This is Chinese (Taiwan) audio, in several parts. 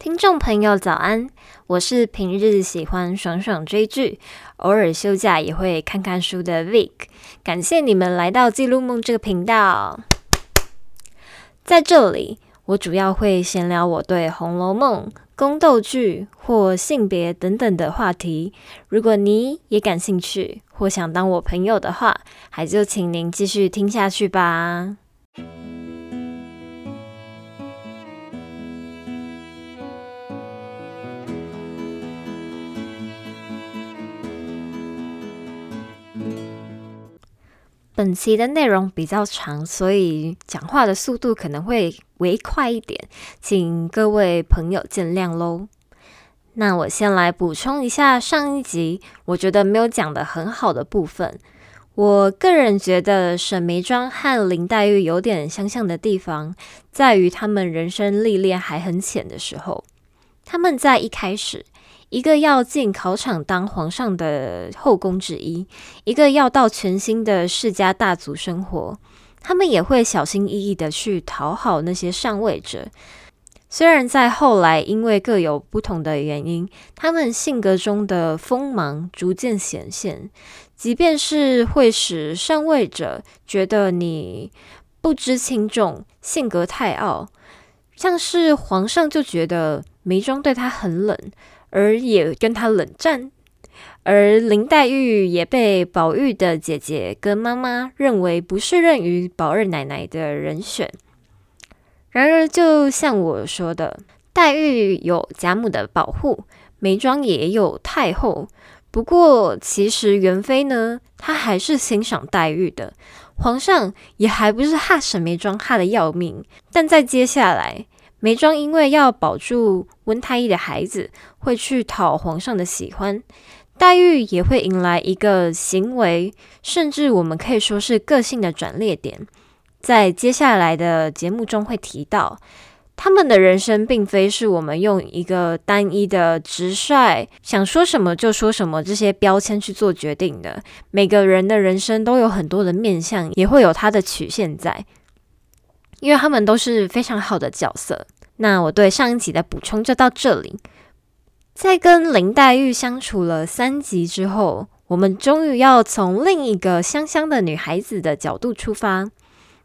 聽眾朋友早安，我是平日喜歡爽爽追劇，偶爾休假也會看看書的 Vic，感謝你們來到《記錄夢》這個頻道。 在這裡，我主要會閒聊我對《紅樓夢》、宮鬥劇或性別等等的話題。如果你也感興趣，或想當我朋友的話，還就請您繼續聽下去吧。本期的內容比較長，所以講話的速度可能會微快一點，請各位朋友見諒嘍。那我先來補充一下上一集我覺得沒有講的很好的部分。我個人覺得沈眉莊和林黛玉有點相像的地方，在於他們人生歷練還很淺的時候，他們在一開始。一個要進考場當皇上的後宮之一，一個要到全新的世家大族生活，他們也會小心翼翼的去討好那些上位者。雖然在後來，因為各有不同的原因，他們性格中的鋒芒逐漸顯現，即便是會使上位者覺得你不知輕重，性格太傲，像是皇上就覺得眉莊對他很冷，而也跟她冷戰，而林黛玉也被寶玉的姐姐跟媽媽認為不適任於寶二奶奶的人選。然而，就像我說的，黛玉有賈母的保護，眉莊也有太後。不過，其實元妃呢，她還是欣賞黛玉的，皇上也還不是怕沈眉莊怕的要命。但在接下來。眉莊因為要保住溫太醫的孩子，會去討皇上的喜歡；黛玉也會迎來一個行為，甚至我們可以說是個性的轉捩點。在接下來的節目中會提到，他們的人生並非是我們用一個單一的直率、想說什麼就說什麼這些標籤去做決定的。每個人的人生都有很多的面向，也會有它的曲線在。因為他們都是非常好的角色，那我對上一集的補充就到這裡。在跟林黛玉相處了三集之後，我們終於要從另一個香香的女孩子的角度出發，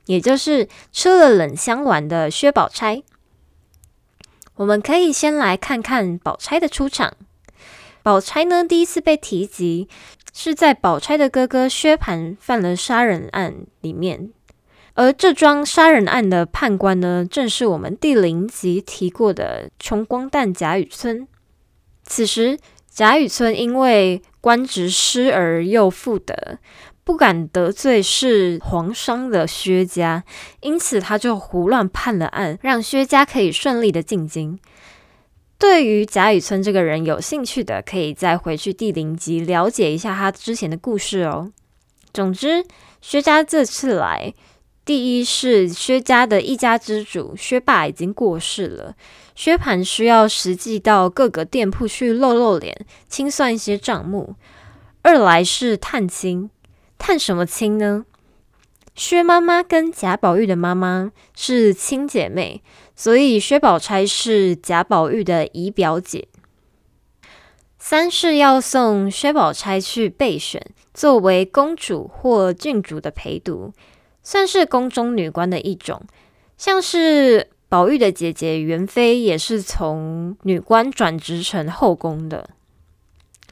也就是吃了冷香丸的薛寶釵。我們可以先來看看寶釵的出場。寶釵呢，第一次被提及是在寶釵的哥哥薛蟠犯了殺人案裡面。而這樁殺人案的判官呢，正是我們第零集提過的窮光蛋賈雨村。此時，賈雨村因為官職失而又復得，不敢得罪是皇商的薛家，因此他就胡亂判了案，讓薛家可以順利的進京。對於賈雨村這個人有興趣的，可以再回去第零集了解一下他之前的故事哦。總之，薛家這次來。第一是薛家的一家之主，薛爸已經過世了，薛蟠需要實際到各個店鋪去露露臉，清算一些賬目。二來是探親，探什麼親呢？薛媽媽跟賈寶玉的媽媽是親姐妹，所以薛寶釵是賈寶玉的姨表姐。三是要送薛寶釵去備選，作為公主或郡主的陪讀。算是宮中女官的一種，像是寶玉的姐姐元妃也是從女官轉職成後宮的。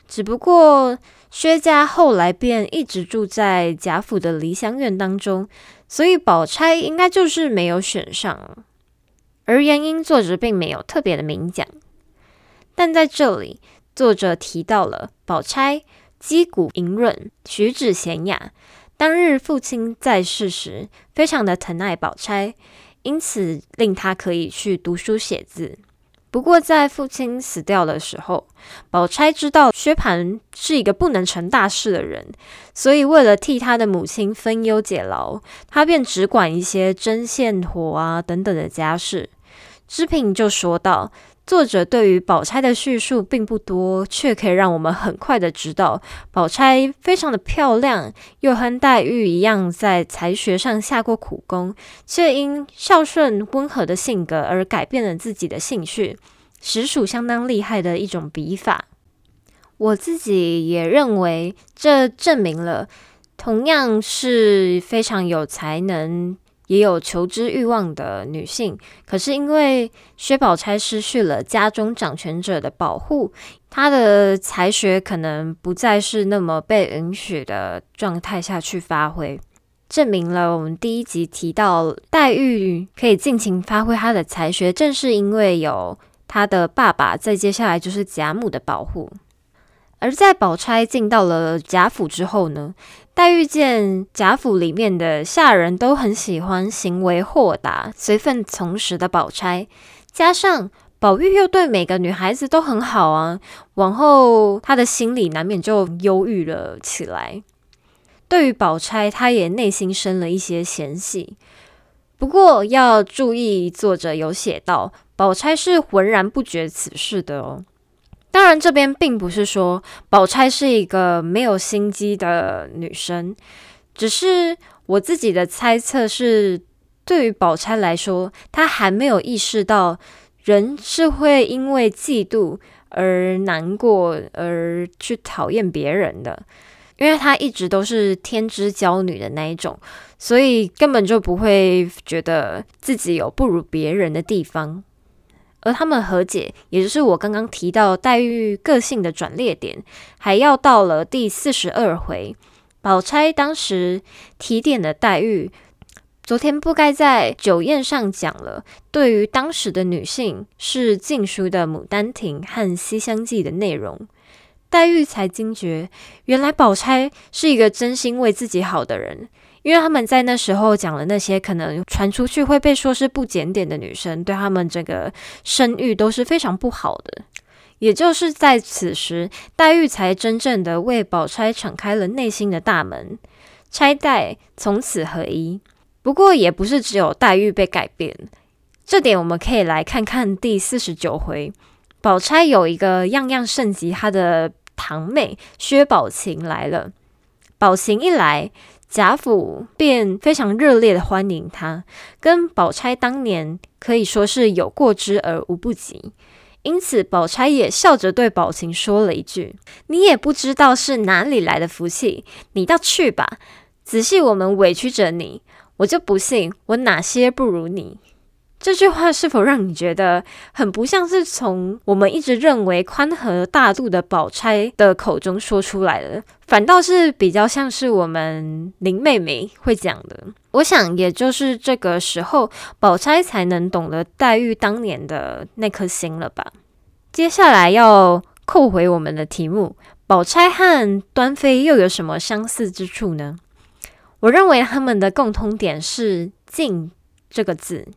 只不過薛家後來便一直住在賈府的梨香院當中，所以寶釵應該就是沒有選上，而原因作者並沒有特別的明講。但在這裡，作者提到了寶釵肌骨瑩潤，舉止嫻雅。當日父親在世時，非常的疼愛寶釵，因此令他可以去讀書寫字。不過在父親死掉的時候，寶釵知道薛蟠是一個不能成大事的人，所以為了替他的母親分憂解勞，他便只管一些針線活啊等等的家事。脂評就說道。作者對於寶釵的敘述並不多，卻可以讓我們很快的知道，寶釵非常的漂亮，又和黛玉一樣在才學上下過苦功，卻因孝順溫和的性格而改變了自己的興趣，實屬相當厲害的一種筆法。我自己也認為，這證明了，同樣是非常有才能。也有求知欲望的女性，可是因為薛寶釵失去了家中掌權者的保護，她的才學可能不再是那麼被允許的狀態下去發揮。證明了我們第一集提到黛玉可以盡情發揮她的才學，正是因為有她的爸爸，再接下來就是賈母的保護。而在寶釵進到了賈府之後呢，黛玉見賈府裡面的下人都很喜歡行為豁達、隨分從時的寶釵，加上寶玉又對每個女孩子都很好啊，往後他的心裡難免就憂鬱了起來。對於寶釵，他也內心生了一些嫌隙。不過要注意，作者有寫到，寶釵是渾然不覺此事的哦。當然，這邊並不是說寶釵是一個沒有心機的女生，只是我自己的猜測是，對於寶釵來說，她還沒有意識到人是會因為嫉妒而難過而去討厭別人的，因為她一直都是天之驕女的那一種，所以根本就不會覺得自己有不如別人的地方。而他們和解，也就是我剛剛提到黛玉個性的轉捩點，還要到了第四十二回，寶釵當時提點的黛玉，昨天不該在酒宴上講了，對於當時的女性是禁書的《牡丹亭》和《西廂記》的內容，黛玉才驚覺，原來寶釵是一個真心為自己好的人。因為他們在那時候講了，那些，可能傳出去會被說是不檢點的女生，對他們這個聲譽都是非常不好的。也就是在此時，黛玉才真正的為寶釵敞開了內心的大門，釵黛從此合一。不過，也不是只有黛玉被改變，這點我們可以來看看第四十九回，寶釵有一個樣樣勝及她的堂妹薛寶琴來了，寶琴一來。賈府便非常熱烈的歡迎他，跟寶釵當年可以說是有過之而無不及，因此寶釵也笑着對寶琴說了一句：“你也不知道是哪裡來的福氣，你倒去吧，仔細我們委屈着你，我就不信我哪些不如你。”這句話是否讓你覺得很不像是從我們一直認為寬和大度的寶釵的口中說出來的？反倒是比較像是我們林妹妹會講的。我想，也就是這個時候，寶釵才能懂得黛玉當年的那顆心了吧。接下來要扣回我們的題目：寶釵和端妃又有什麼相似之處呢？我認為他們的共通點是“靜”這個字。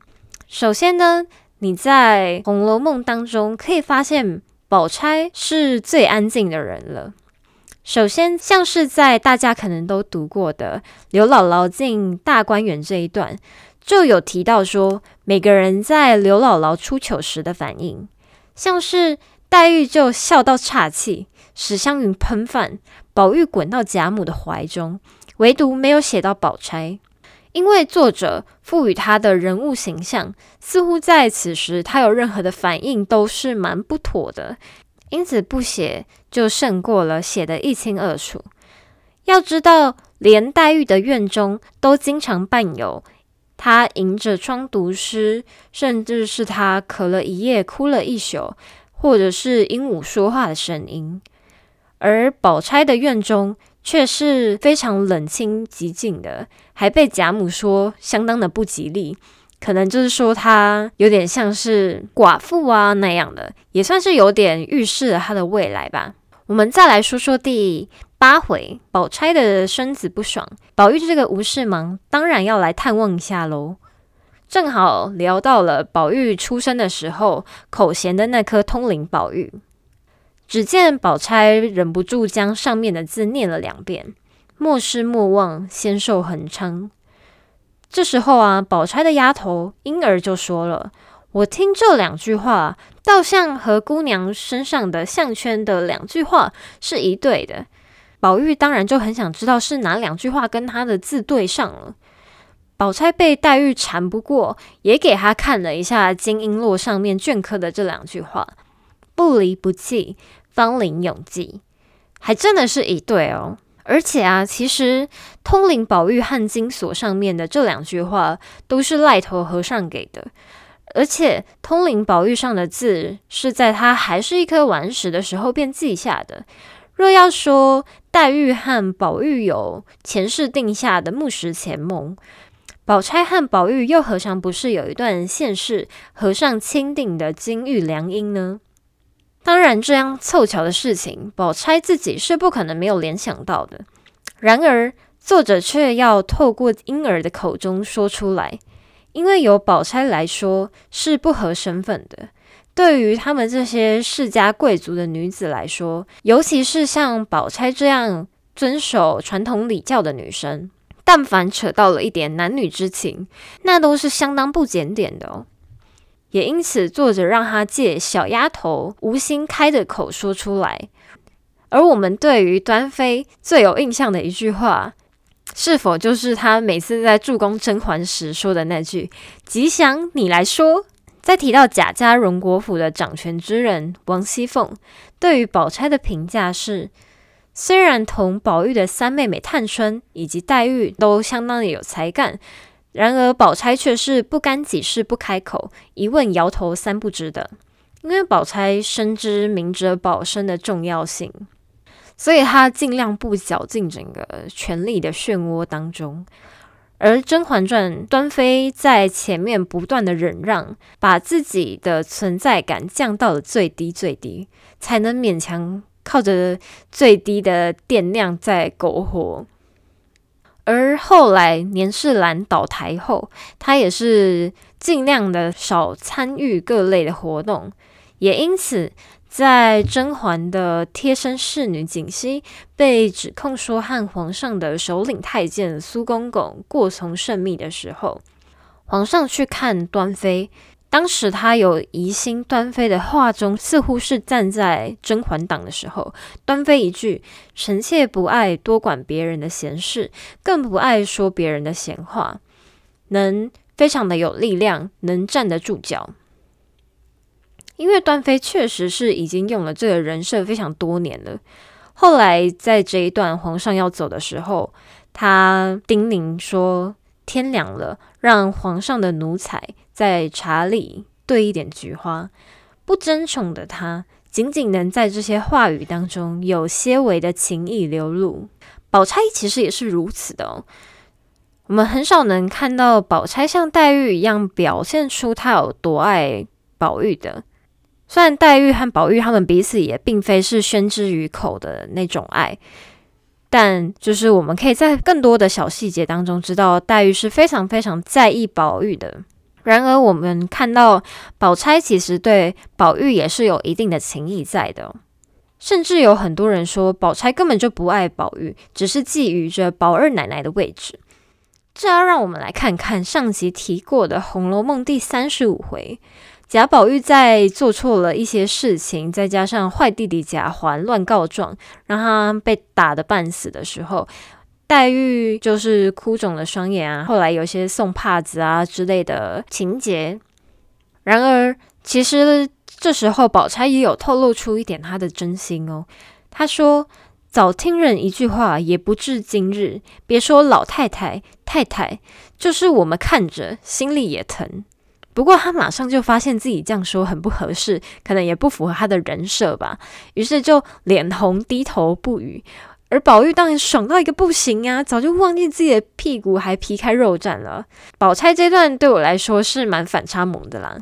首先呢，你在《紅樓夢》當中可以發現，寶釵是最安靜的人了。首先，像是在大家可能都讀過的劉姥姥進大觀園這一段，就有提到說，每個人在劉姥姥出糗時的反應，像是黛玉，就笑到岔氣，史湘雲噴飯，寶玉滾到賈母的懷中，唯獨沒有寫到寶釵。因為作者賦予他的人物形象，似乎在此時他有任何的反應都是蠻不妥的，因此不寫就勝過了寫得一清二楚。要知道，連黛玉的院中都經常伴有她迎着窗讀詩，甚至是她咳了一夜、哭了一宿，或者是鸚鵡說話的聲音；而寶釵的院中卻是非常冷清寂靜的。還被賈母說相當的不吉利，可能就是說她有點像是寡婦啊那樣的，也算是有點預示了她的未來吧。我們再來說說第八回，寶釵的身子不爽，寶玉這個無事忙當然要來探望一下嘍。正好聊到了寶玉出生的時候口銜的那顆通靈寶玉，只見寶釵忍不住將上面的字念了兩遍。莫失莫忘，仙壽恆昌。這時候啊，寶釵的丫頭鶯兒就說了：“我聽這兩句話，倒像和姑娘身上的項圈的兩句話是一對的。”寶玉當然就很想知道是哪兩句話跟他的字對上了。寶釵被黛玉纏不過，也給她看了一下金瓔珞上面鐫刻的這兩句話：“不離不棄，芳齡永繼。”還真的是一對哦。而且啊，其實通靈寶玉和金鎖上面的這兩句話都是癩頭和尚給的。而且通靈寶玉上的字是在他還是一顆頑石的時候便記下的。若要說黛玉和寶玉有前世定下的木石前盟，寶釵和寶玉又何嘗不是有一段現世和尚欽定的金玉良姻呢？當然，這樣湊巧的事情，寶釵自己是不可能沒有聯想到的。然而，作者卻要透過鶯兒的口中說出來，因為由寶釵來說是不合身份的。對於他們這些世家貴族的女子來說，尤其是像寶釵這樣遵守傳統禮教的女生，但凡扯到了一點男女之情，那都是相當不檢點的哦。也因此，作者讓他借小丫頭無心開的口說出來。而我們對於端妃最有印象的一句話，是否就是她每次在助攻甄嬛時說的那句“吉祥，你來說”？再提到賈家榮國府的掌權之人王熙鳳，對於寶釵的評價是：雖然同寶玉的三妹妹探春以及黛玉都相當的有才幹。然而，寶釵卻是不干己事不開口，一問搖頭三不知的。因為寶釵深知明哲保身的重要性，所以她儘量不攪進整個權力的漩渦當中。而《甄嬛傳》端妃在前面不斷的忍讓，把自己的存在感降到了最低最低，才能勉強靠着最低的電量在苟活。而後來年世蘭倒台後，她也是儘量的少參與各類的活動，也因此，在甄嬛的貼身侍女槿汐被指控說和皇上的首領太監蘇公公過從甚密的時候，皇上去看端妃。當時他有疑心端妃的話中似乎是站在甄嬛黨的時候，端妃一句：“臣妾不愛多管別人的閒事，更不愛說別人的閒話。”能非常的有力量，能站得住腳。因為端妃確實是已經用了這個人設非常多年了。後來在這一段皇上要走的時候，她叮嚀說：“天涼了，讓皇上的奴才。”在茶裡兌一點菊花。不爭寵的他，僅僅能在這些話語當中有些微的情意流露。寶釵其實也是如此的哦。我們很少能看到寶釵像黛玉一樣表現出她有多愛寶玉的。雖然黛玉和寶玉他們彼此也並非是宣之於口的那種愛，但就是我們可以在更多的小細節當中知道，黛玉是非常非常在意寶玉的。然而，我們看到寶釵其實對寶玉也是有一定的情誼在的哦，甚至有很多人說寶釵根本就不愛寶玉，只是覬覦着寶二奶奶的位置。這要讓我們來看看上集提過的《紅樓夢》第三十五回，賈寶玉在做錯了一些事情，再加上壞弟弟賈環亂告狀，讓他被打得半死的時候。黛玉就是哭腫了雙眼啊，後來有些送帕子啊之類的情節。然而，其實這時候寶釵也有透露出一點她的真心哦。她說：“早聽人一句話，也不至今日。別說老太太太太，就是我們看着，心裡也疼。”不過，她馬上就發現自己這樣說很不合適，可能也不符合她的人設吧。於是就臉紅低頭不語。而寶玉當然爽到一個不行啊，早就忘記自己的屁股還皮開肉綻了。寶釵這段對我來說是蠻反差萌的啦。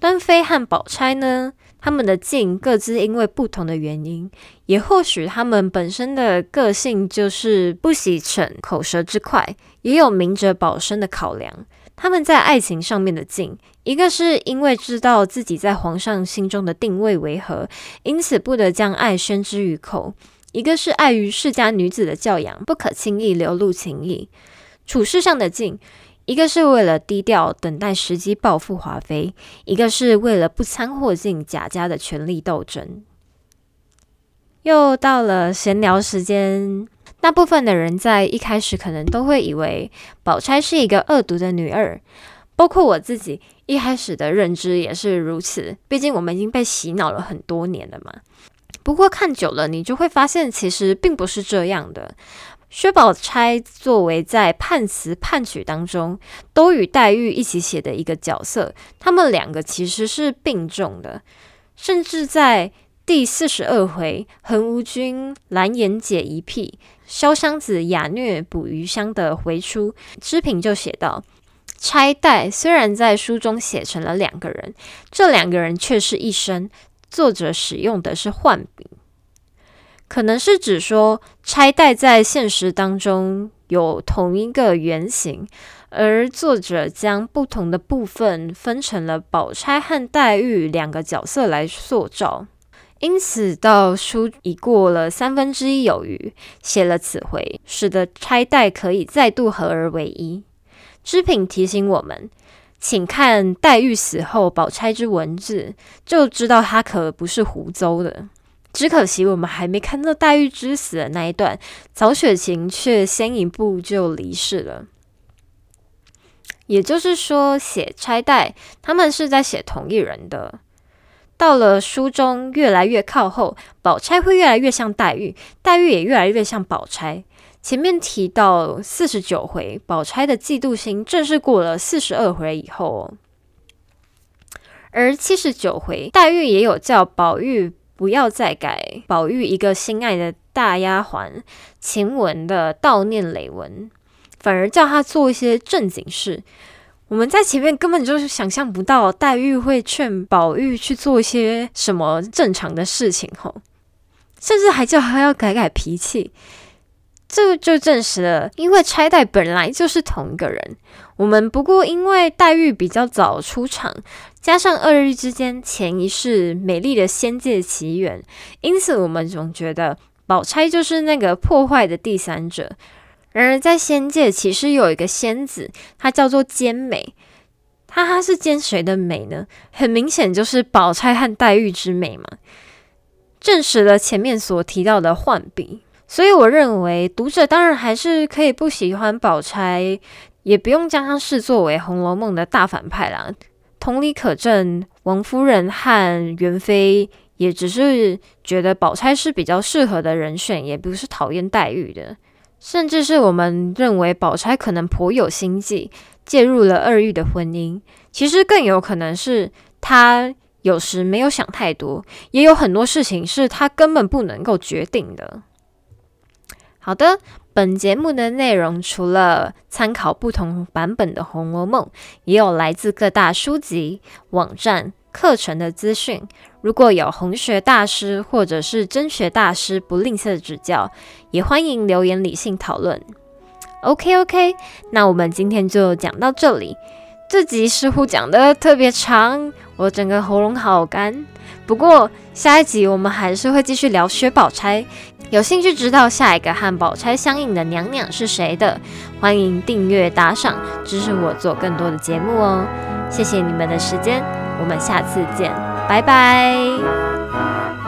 端妃和寶釵呢，他們的靜各自因為不同的原因，也或許他們本身的個性就是不喜逞口舌之快，也有明哲保身的考量。他們在愛情上面的靜，一個是因為知道自己在皇上心中的定位為何，因此不得將愛宣之於口，一個是礙於世家女子的教養，不可輕易流露情意，處事上的靜；一個是為了低調等待時機報復華妃，一個是為了不摻和進賈家的權力鬥爭。又到了閒聊時間，大部分的人在一開始可能都會以為寶釵是一個惡毒的女二，包括我自己一開始的認知也是如此。畢竟我們已經被洗腦了很多年了嘛。不過看久了，你就會發現，其實並不是這樣的。薛寶釵作為在判詞判曲當中都與黛玉一起寫的一個角色，他們兩個其實是並重的。甚至在第四十二回“蘅蕪君蘭言解疑癖，瀟湘子雅謔補餘香”的回出，脂評就寫到：“釵黛雖然在書中寫成了兩個人，這兩個人卻是一生。”作者使用的是幻筆，可能是指說釵黛在現實當中有同一個原型，而作者將不同的部分分成了寶釵和黛玉兩個角色來塑造。因此，到書已過了三分之一有餘，寫了此回，使得釵黛可以再度合而為一。脂評提醒我們。請看黛玉死後，寶釵之文字，就知道她可不是胡謅的。只可惜我們還沒看到黛玉之死的那一段，曹雪芹卻先一步就離世了。也就是說，寫釵黛，他們是在寫同一人的。到了書中越來越靠後，寶釵會越來越像黛玉，黛玉也越來越像寶釵。前面提到四十九回，寶釵的嫉妒心正是過了四十二回以後哦。而七十九回，黛玉也有叫寶玉不要再改寶玉一個心愛的大丫鬟晴雯的悼念誄文，反而叫他做一些正經事。我們在前面根本就是想象不到黛玉會勸寶玉去做一些什麼正常的事情，吼，甚至還叫他要改改脾氣，這就證實了，因為釵黛本來就是同一個人。我們不過因為黛玉比較早出場，加上二玉、玉之間前一世美麗的仙界奇緣，因此我們總覺得寶釵就是那個破壞的第三者。然而，在仙界其實有一個仙子，她叫做兼美。她她是兼誰的美呢？很明顯就是寶釵和黛玉之美嘛，證實了前面所提到的幻筆，所以，我認為讀者當然還是可以不喜歡寶釵，也不用將她視作為《紅樓夢》的大反派啦。同理可證，王夫人和元妃也只是覺得寶釵是比較適合的人選，也不是討厭黛玉的。甚至是我們認為寶釵可能頗有心計，介入了二玉的婚姻，其實更有可能是她有時沒有想太多，也有很多事情是她根本不能夠決定的。好的，本節目的內容除了參考不同版本的《紅樓夢》，也有來自各大書籍網站，課程的資訊，如果有紅學大師或者是真學大師，不吝嗇指教，也歡迎留言理性討論。OK OK，那我們今天就講到這裡。這集似乎講得特別長，我整個喉嚨好乾。不過下一集我們還是會繼續聊薛寶釵。有興趣知道下一個和寶釵相應的娘娘是誰的，歡迎訂閱打賞支持我做更多的節目哦。謝謝你們的時間。我們下次見，拜拜。